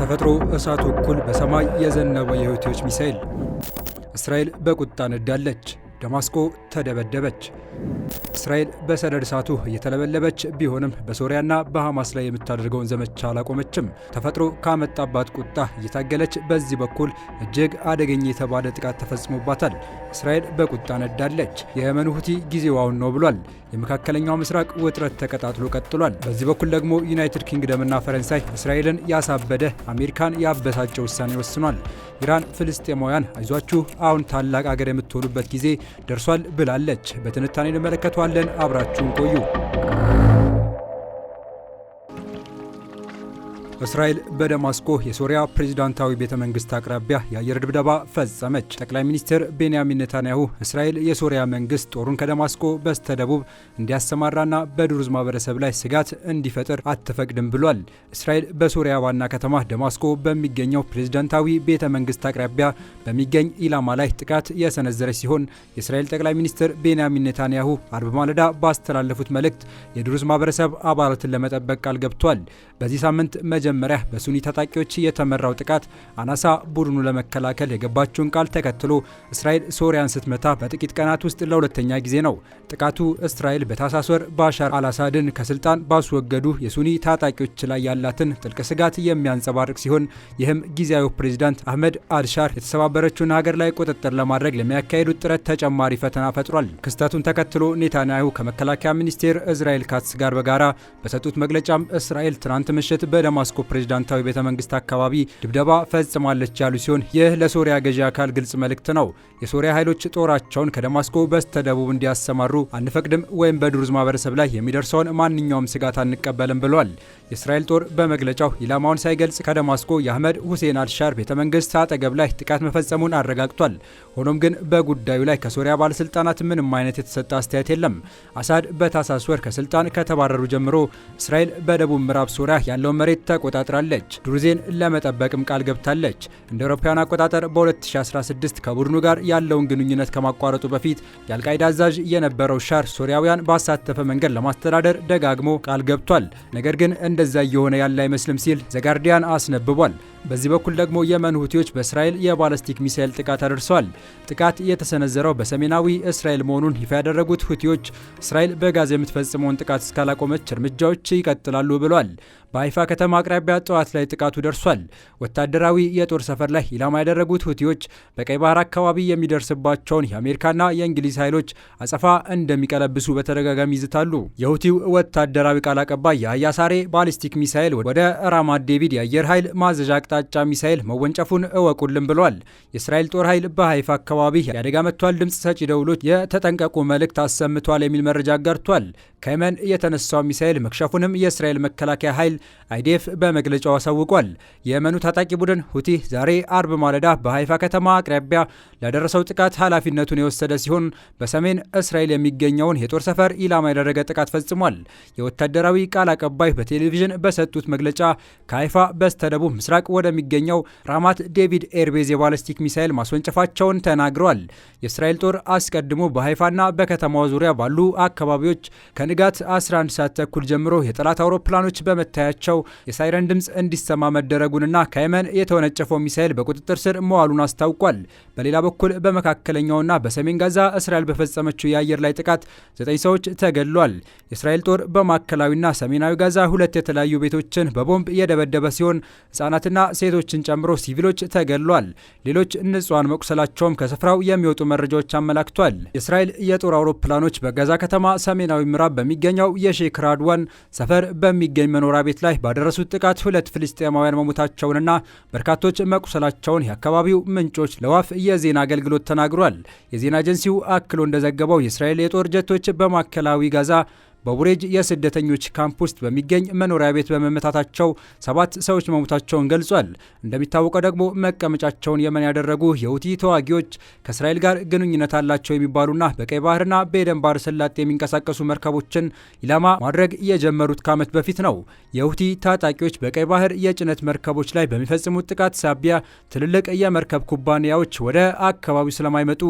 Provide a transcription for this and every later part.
ተፈጥሮ እሳት እኩል በሰማይ የዘነበ የሁቲዎች ሚሳኤል እስራኤል በቁጣ ነዳለች። ደማስቆ ተደበደበች። እስራኤል በሰደድ እሳቱ እየተለበለበች ቢሆንም በሶሪያና በሐማስ ላይ የምታደርገውን ዘመቻ አላቆመችም። ተፈጥሮ ካመጣባት ቁጣ እየታገለች በዚህ በኩል እጅግ አደገኛ የተባለ ጥቃት ተፈጽሞባታል። እስራኤል በቁጣ ነዳለች። የየመን ሁቲ ጊዜው አሁን ነው ብሏል። የመካከለኛው ምስራቅ ውጥረት ተቀጣጥሎ ቀጥሏል። በዚህ በኩል ደግሞ ዩናይትድ ኪንግደምና ፈረንሳይ እስራኤልን ያሳበደ አሜሪካን ያበሳጨ ውሳኔ ወስኗል። ኢራን ፍልስጤማውያን አይዟችሁ አሁን ታላቅ አገር የምትሆኑበት ጊዜ ደርሷል ብላለች። በትንታኔ እንመለከተዋለን። አብራችሁን ቆዩ። እስራኤል በደማስቆ የሶሪያ ፕሬዚዳንታዊ ቤተ መንግስት አቅራቢያ የአየር ድብደባ ፈጸመች። ጠቅላይ ሚኒስትር ቤንያሚን ኔታንያሁ እስራኤል የሶሪያ መንግስት ጦሩን ከደማስቆ በስተ ደቡብ እንዲያሰማራና በድሩዝ ማህበረሰብ ላይ ስጋት እንዲፈጥር አትፈቅድም ብሏል። እስራኤል በሶሪያ ዋና ከተማ ደማስቆ በሚገኘው ፕሬዚዳንታዊ ቤተ መንግስት አቅራቢያ በሚገኝ ኢላማ ላይ ጥቃት የሰነዘረች ሲሆን የእስራኤል ጠቅላይ ሚኒስትር ቤንያሚን ኔታንያሁ አርብ ማለዳ ባስተላለፉት መልእክት የድሩዝ ማህበረሰብ አባላትን ለመጠበቅ ቃል ገብቷል። በዚህ ሳምንት መጀመ መጀመሪያ በሱኒ ታጣቂዎች የተመራው ጥቃት አናሳ ቡድኑ ለመከላከል የገባቸውን ቃል ተከትሎ እስራኤል ሶሪያን ስትመታ በጥቂት ቀናት ውስጥ ለሁለተኛ ጊዜ ነው። ጥቃቱ እስራኤል በታህሳስ ወር ባሻር አላሳድን ከስልጣን ባስወገዱ የሱኒ ታጣቂዎች ላይ ያላትን ጥልቅ ስጋት የሚያንጸባርቅ ሲሆን ይህም ጊዜያዊ ፕሬዚዳንት አህመድ አልሻር የተሰባበረችውን ሀገር ላይ ቁጥጥር ለማድረግ ለሚያካሄዱት ጥረት ተጨማሪ ፈተና ፈጥሯል። ክስተቱን ተከትሎ ኔታንያሁ ከመከላከያ ሚኒስቴር እስራኤል ካትስ ጋር በጋራ በሰጡት መግለጫም እስራኤል ትናንት ምሽት በደማስኮ ፕሬዝዳንታዊ ቤተ መንግስት አካባቢ ድብደባ ፈጽማለች ያሉ ሲሆን ይህ ለሶሪያ ገዢ አካል ግልጽ መልእክት ነው። የሶሪያ ኃይሎች ጦራቸውን ከደማስቆ በስተደቡብ እንዲያሰማሩ አንፈቅድም ወይም በዱርዝ ማህበረሰብ ላይ የሚደርሰውን ማንኛውም ስጋት አንቀበልም ብሏል። የእስራኤል ጦር በመግለጫው ኢላማውን ሳይገልጽ ከደማስቆ የአህመድ ሁሴን አልሻር ቤተ መንግስት አጠገብ ላይ ጥቃት መፈጸሙን አረጋግጧል። ሆኖም ግን በጉዳዩ ላይ ከሶሪያ ባለስልጣናት ምንም አይነት የተሰጠ አስተያየት የለም። አሳድ በታህሳስ ወር ከስልጣን ከተባረሩ ጀምሮ እስራኤል በደቡብ ምዕራብ ሶሪያ ያለውን መሬት ተቆጣጥራለች። ድሩዜን ለመጠበቅም ቃል ገብታለች። እንደ አውሮፓውያን አቆጣጠር በ2016 ከቡድኑ ጋር ያለውን ግንኙነት ከማቋረጡ በፊት የአልቃይዳ አዛዥ የነበረው ሻር ሶሪያውያን ባሳተፈ መንገድ ለማስተዳደር ደጋግሞ ቃል ገብቷል። ነገር ግን እንደዛ እየሆነ ያለ አይመስልም ሲል ዘጋርዲያን አስነብቧል። በዚህ በኩል ደግሞ የመን ሁቲዎች በእስራኤል የባለስቲክ ሚሳኤል ጥቃት አድርሰዋል። ጥቃት የተሰነዘረው በሰሜናዊ እስራኤል መሆኑን ይፋ ያደረጉት ሁቲዎች እስራኤል በጋዛ የምትፈጽመውን ጥቃት እስካላቆመች እርምጃዎች ይቀጥላሉ ብሏል። በአይፋ ከተማ አቅራቢያ ጠዋት ላይ ጥቃቱ ደርሷል። ወታደራዊ የጦር ሰፈር ላይ ኢላማ ያደረጉት ሁቲዎች በቀይ ባህር አካባቢ የሚደርስባቸውን የአሜሪካና የእንግሊዝ ኃይሎች አጸፋ እንደሚቀለብሱ በተደጋጋሚ ይዝታሉ። የሁቲው ወታደራዊ ቃል አቀባይ የአያ ሳሬ ባሊስቲክ ሚሳኤል ወደ ራማት ዴቪድ የአየር ኃይል ማዘዣ አቅጣጫ ሚሳኤል መወንጨፉን እወቁልን ብሏል። የእስራኤል ጦር ኃይል በሀይፋ አካባቢ የአደጋ መጥቷል ድምፅ ሰጪ ደውሎች የተጠንቀቁ መልእክት አሰምቷል የሚል መረጃ አጋርቷል። ከየመን የተነሳው ሚሳኤል መክሸፉንም የእስራኤል መከላከያ ኃይል አይዲኤፍ በመግለጫው አሳውቋል። የየመኑ ታጣቂ ቡድን ሁቲ ዛሬ አርብ ማለዳ በሃይፋ ከተማ አቅራቢያ ለደረሰው ጥቃት ኃላፊነቱን የወሰደ ሲሆን በሰሜን እስራኤል የሚገኘውን የጦር ሰፈር ኢላማ ያደረገ ጥቃት ፈጽሟል። የወታደራዊ ቃል አቀባይ በቴሌቪዥን በሰጡት መግለጫ ከሃይፋ በስተደቡብ ምስራቅ ወደሚገኘው ራማት ዴቪድ ኤርቤዝ የባለስቲክ ሚሳይል ማስወንጨፋቸውን ተናግረዋል። የእስራኤል ጦር አስቀድሞ በሀይፋና በከተማዋ ዙሪያ ባሉ አካባቢዎች ከንጋት 11 ሰዓት ተኩል ጀምሮ የጠላት አውሮፕላኖች በመታያ መሳሪያቸው የሳይረን ድምፅ እንዲሰማ መደረጉንና ከየመን የተወነጨፈው ሚሳኤል በቁጥጥር ስር መዋሉን አስታውቋል። በሌላ በኩል በመካከለኛውና በሰሜን ጋዛ እስራኤል በፈጸመችው የአየር ላይ ጥቃት ዘጠኝ ሰዎች ተገድሏል። የእስራኤል ጦር በማዕከላዊና ሰሜናዊ ጋዛ ሁለት የተለያዩ ቤቶችን በቦምብ የደበደበ ሲሆን ህጻናትና ሴቶችን ጨምሮ ሲቪሎች ተገድሏል። ሌሎች ንጹሐን መቁሰላቸውም ከስፍራው የሚወጡ መረጃዎች አመላክቷል። የእስራኤል የጦር አውሮፕላኖች በጋዛ ከተማ ሰሜናዊ ምዕራብ በሚገኘው የሼክ ራድዋን ሰፈር በሚገኝ መኖሪያ ቤት ላይ ባደረሱት ጥቃት ሁለት ፍልስጤማውያን መሞታቸውንና በርካቶች መቁሰላቸውን የአካባቢው ምንጮች ለዋፍ የዜና አገልግሎት ተናግሯል። የዜና ኤጀንሲው አክሎ እንደዘገበው የእስራኤል የጦር ጀቶች በማዕከላዊ ጋዛ በቡሬጅ የስደተኞች ካምፕ ውስጥ በሚገኝ መኖሪያ ቤት በመመታታቸው ሰባት ሰዎች መሞታቸውን ገልጿል። እንደሚታወቀው ደግሞ መቀመጫቸውን የመን ያደረጉ የሁቲ ተዋጊዎች ከእስራኤል ጋር ግንኙነት አላቸው የሚባሉና በቀይ ባህርና በኤደን ባህር ሰላጤ የሚንቀሳቀሱ መርከቦችን ኢላማ ማድረግ የጀመሩት ከዓመት በፊት ነው። የሁቲ ታጣቂዎች በቀይ ባህር የጭነት መርከቦች ላይ በሚፈጽሙት ጥቃት ሳቢያ ትልልቅ የመርከብ ኩባንያዎች ወደ አካባቢው ስለማይመጡ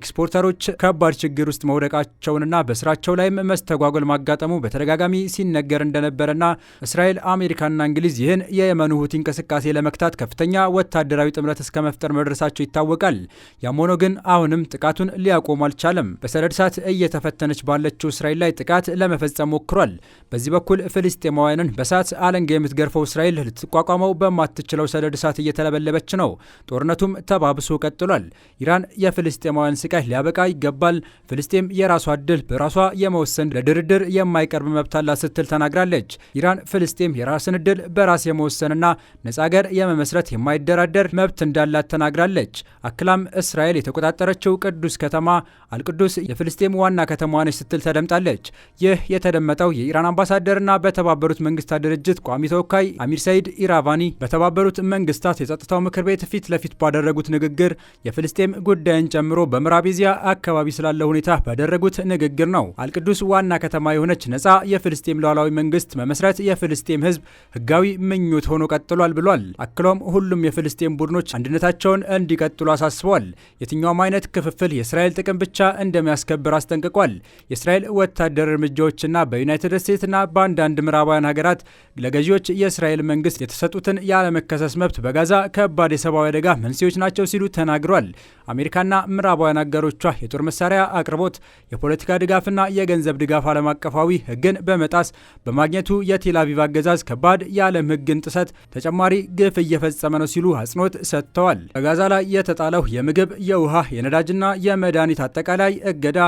ኤክስፖርተሮች ከባድ ችግር ውስጥ መውደቃቸውንና በስራቸው ላይም መስተጓጎል ማጋጠሙ በተደጋጋሚ ሲነገር እንደነበረና እስራኤል፣ አሜሪካና እንግሊዝ ይህን የየመኑ ሁቲ እንቅስቃሴ ለመክታት ከፍተኛ ወታደራዊ ጥምረት እስከ መፍጠር መድረሳቸው ይታወቃል። ያም ሆኖ ግን አሁንም ጥቃቱን ሊያቆሙ አልቻለም። በሰደድ እሳት እየተፈተነች ባለችው እስራኤል ላይ ጥቃት ለመፈጸም ሞክሯል። በዚህ በኩል ፍልስጤማውያንን በእሳት አለንጋ የምትገርፈው እስራኤል ልትቋቋመው በማትችለው ሰደድ እሳት እየተለበለበች ነው። ጦርነቱም ተባብሶ ቀጥሏል። ኢራን የፍልስጤማውያን ስቃይ ሊያበቃ ይገባል፣ ፍልስጤም የራሷ እድል በራሷ የመወሰን ለድርድር የማይቀርብ መብት አላት ስትል ተናግራለች። ኢራን ፍልስጤም የራስን እድል በራስ የመወሰንና ነጻ ሀገር የመመስረት የማይደራደር መብት እንዳላት ተናግራለች። አክላም እስራኤል የተቆጣጠረችው ቅዱስ ከተማ አልቅዱስ የፍልስጤም ዋና ከተማ ነች ስትል ተደምጣለች። ይህ የተደመጠው የኢራን አምባሳደርና በተባበሩት መንግስታት ድርጅት ቋሚ ተወካይ አሚር ሰይድ ኢራቫኒ በተባበሩት መንግስታት የጸጥታው ምክር ቤት ፊት ለፊት ባደረጉት ንግግር የፍልስጤም ጉዳይን ጨምሮ በምዕራብ እስያ አካባቢ ስላለ ሁኔታ ባደረጉት ንግግር ነው። አልቅዱስ ዋና ከተማ የሆነች ነጻ የፍልስጤም ሉዓላዊ መንግስት መመስረት የፍልስጤም ህዝብ ህጋዊ ምኞት ሆኖ ቀጥሏል ብሏል። አክሎም ሁሉም የፍልስጤም ቡድኖች አንድነታቸውን እንዲቀጥሉ አሳስበዋል። የትኛውም አይነት ክፍፍል የእስራኤል ጥቅም ብቻ እንደሚያስከብር አስጠንቅቋል። የእስራኤል ወታደር እርምጃዎችና በዩናይትድ ስቴትስና በአንዳንድ ምዕራባውያን ሀገራት ለገዢዎች የእስራኤል መንግስት የተሰጡትን ያለመከሰስ መብት በጋዛ ከባድ የሰብአዊ አደጋ መንስኤዎች ናቸው ሲሉ ተናግሯል። አሜሪካና ምዕራባውያን አገሮቿ የጦር መሳሪያ አቅርቦት፣ የፖለቲካ ድጋፍና የገንዘብ ድጋፍ አለማቀ አቀፋዊ ሕግን በመጣስ በማግኘቱ የቴል አቪቭ አገዛዝ ከባድ የዓለም ህግን ጥሰት ተጨማሪ ግፍ እየፈጸመ ነው ሲሉ አጽንኦት ሰጥተዋል። በጋዛ ላይ የተጣለው የምግብ፣ የውሃ፣ የነዳጅና የመድኃኒት አጠቃላይ እገዳ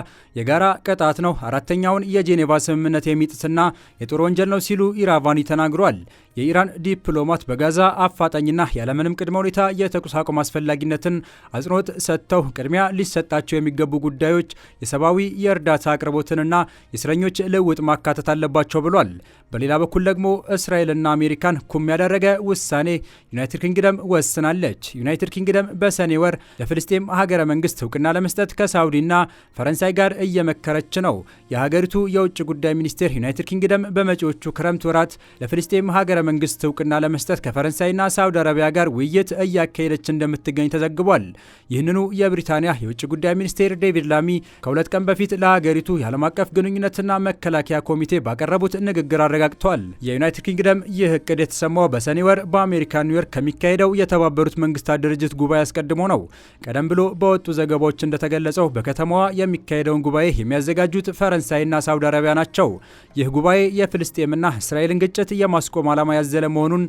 የጋራ ቅጣት ነው፣ አራተኛውን የጄኔቫ ስምምነት የሚጥስና የጦር ወንጀል ነው ሲሉ ኢራቫኒ ተናግሯል። የኢራን ዲፕሎማት በጋዛ አፋጣኝና ያለምንም ቅድመ ሁኔታ የተኩስ አቁም አስፈላጊነትን አጽንኦት ሰጥተው ቅድሚያ ሊሰጣቸው የሚገቡ ጉዳዮች የሰብአዊ የእርዳታ አቅርቦትንና የእስረኞች ልውውጥ ማካተት አለባቸው ብሏል። በሌላ በኩል ደግሞ እስራኤልና አሜሪካን ኩም ያደረገ ውሳኔ ዩናይትድ ኪንግደም ወስናለች። ዩናይትድ ኪንግደም በሰኔ ወር ለፍልስጤም ሀገረ መንግስት እውቅና ለመስጠት ከሳውዲና ፈረንሳይ ጋር እየመከረች ነው። የሀገሪቱ የውጭ ጉዳይ ሚኒስቴር ዩናይትድ ኪንግደም በመጪዎቹ ክረምት ወራት ለፍልስጤም ሀገረ መንግስት እውቅና ለመስጠት ከፈረንሳይና ሳውዲ አረቢያ ጋር ውይይት እያካሄደች እንደምትገኝ ተዘግቧል። ይህንኑ የብሪታንያ የውጭ ጉዳይ ሚኒስቴር ዴቪድ ላሚ ከሁለት ቀን በፊት ለሀገሪቱ የዓለም አቀፍ ግንኙነትና መከላከያ ኮሚቴ ባቀረቡት ንግግር አረጋግጠዋል። የዩናይትድ ኪንግደም ይህ እቅድ የተሰማው በሰኔ ወር በአሜሪካ ኒውዮርክ ከሚካሄደው የተባበሩት መንግስታት ድርጅት ጉባኤ አስቀድሞ ነው። ቀደም ብሎ በወጡ ዘገባዎች እንደተገለጸው በከተማዋ የሚካሄደውን ጉባኤ የሚያዘጋጁት ፈረንሳይና ሳውዲ አረቢያ ናቸው። ይህ ጉባኤ የፍልስጤምና እስራኤልን ግጭት የማስቆም ዓላማ ያዘለ መሆኑን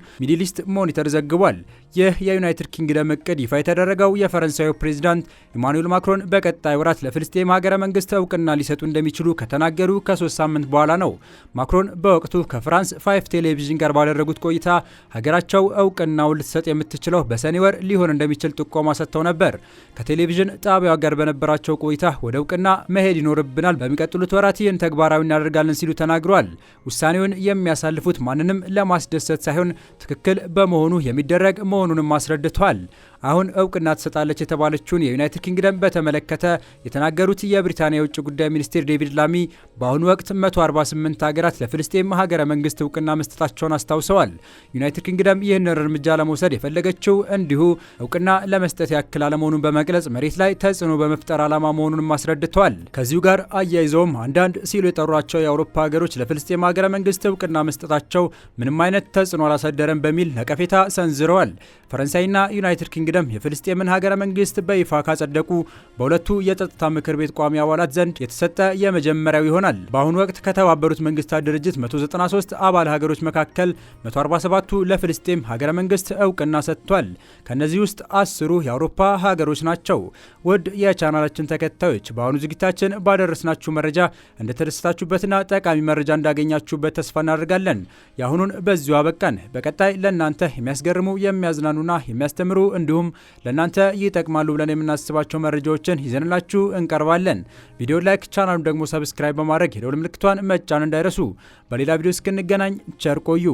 ኢስት ሞኒተር ዘግቧል። ይህ የዩናይትድ ኪንግደም እቅድ ይፋ የተደረገው የፈረንሳዩ ፕሬዚዳንት ኢማኑኤል ማክሮን በቀጣይ ወራት ለፍልስጤም ሀገረ መንግስት እውቅና ሊሰጡ እንደሚችሉ ከተናገሩ ከሶስት ሳምንት በኋላ ነው። ማክሮን በወቅቱ ከፍራንስ ፋይፍ ቴሌቪዥን ጋር ባደረጉት ቆይታ ሀገራቸው እውቅናውን ልትሰጥ የምትችለው በሰኔ ወር ሊሆን እንደሚችል ጥቆማ ሰጥተው ነበር። ከቴሌቪዥን ጣቢያዋ ጋር በነበራቸው ቆይታ ወደ እውቅና መሄድ ይኖርብናል፣ በሚቀጥሉት ወራት ይህን ተግባራዊ እናደርጋለን ሲሉ ተናግሯል። ውሳኔውን የሚያሳልፉት ማንንም ለማስደ የሚያስደሰት ሳይሆን ትክክል በመሆኑ የሚደረግ መሆኑንም አስረድቷል። አሁን እውቅና ትሰጣለች የተባለችውን የዩናይትድ ኪንግደም በተመለከተ የተናገሩት የብሪታንያ የውጭ ጉዳይ ሚኒስቴር ዴቪድ ላሚ በአሁኑ ወቅት 148 ሀገራት ለፍልስጤም ሀገረ መንግስት እውቅና መስጠታቸውን አስታውሰዋል። ዩናይትድ ኪንግደም ይህንን እርምጃ ለመውሰድ የፈለገችው እንዲሁ እውቅና ለመስጠት ያክል አለመሆኑን በመግለጽ መሬት ላይ ተጽዕኖ በመፍጠር ዓላማ መሆኑንም አስረድተዋል። ከዚሁ ጋር አያይዘውም አንዳንድ ሲሉ የጠሯቸው የአውሮፓ ሀገሮች ለፍልስጤም ሀገረ መንግስት እውቅና መስጠታቸው ምንም አይነት ተጽዕኖ አላሳደረም በሚል ነቀፌታ ሰንዝረዋል። ፈረንሳይና ዩናይትድ ኪንግደም የፍልስጤምን ሀገረ መንግስት በይፋ ካጸደቁ በሁለቱ የጸጥታ ምክር ቤት ቋሚ አባላት ዘንድ የተሰጠ የመጀመሪያው ይሆናል። በአሁኑ ወቅት ከተባበሩት መንግስታት ድርጅት 193 አባል ሀገሮች መካከል 147ቱ ለፍልስጤም ሀገረ መንግስት እውቅና ሰጥቷል። ከእነዚህ ውስጥ አስሩ የአውሮፓ ሀገሮች ናቸው። ውድ የቻናላችን ተከታዮች በአሁኑ ዝግጅታችን ባደረስናችሁ መረጃ እንደተደሰታችሁበትና ጠቃሚ መረጃ እንዳገኛችሁበት ተስፋ እናደርጋለን። የአሁኑን በዚሁ ለዚሁ አበቃን። በቀጣይ ለእናንተ የሚያስገርሙ የሚያዝናኑና የሚያስተምሩ እንዲሁም ለእናንተ ይጠቅማሉ ብለን የምናስባቸው መረጃዎችን ይዘንላችሁ እንቀርባለን። ቪዲዮ ላይክ፣ ቻናሉን ደግሞ ሰብስክራይብ በማድረግ የደውል ምልክቷን መጫን እንዳይረሱ። በሌላ ቪዲዮ እስክንገናኝ ቸር ቆዩ።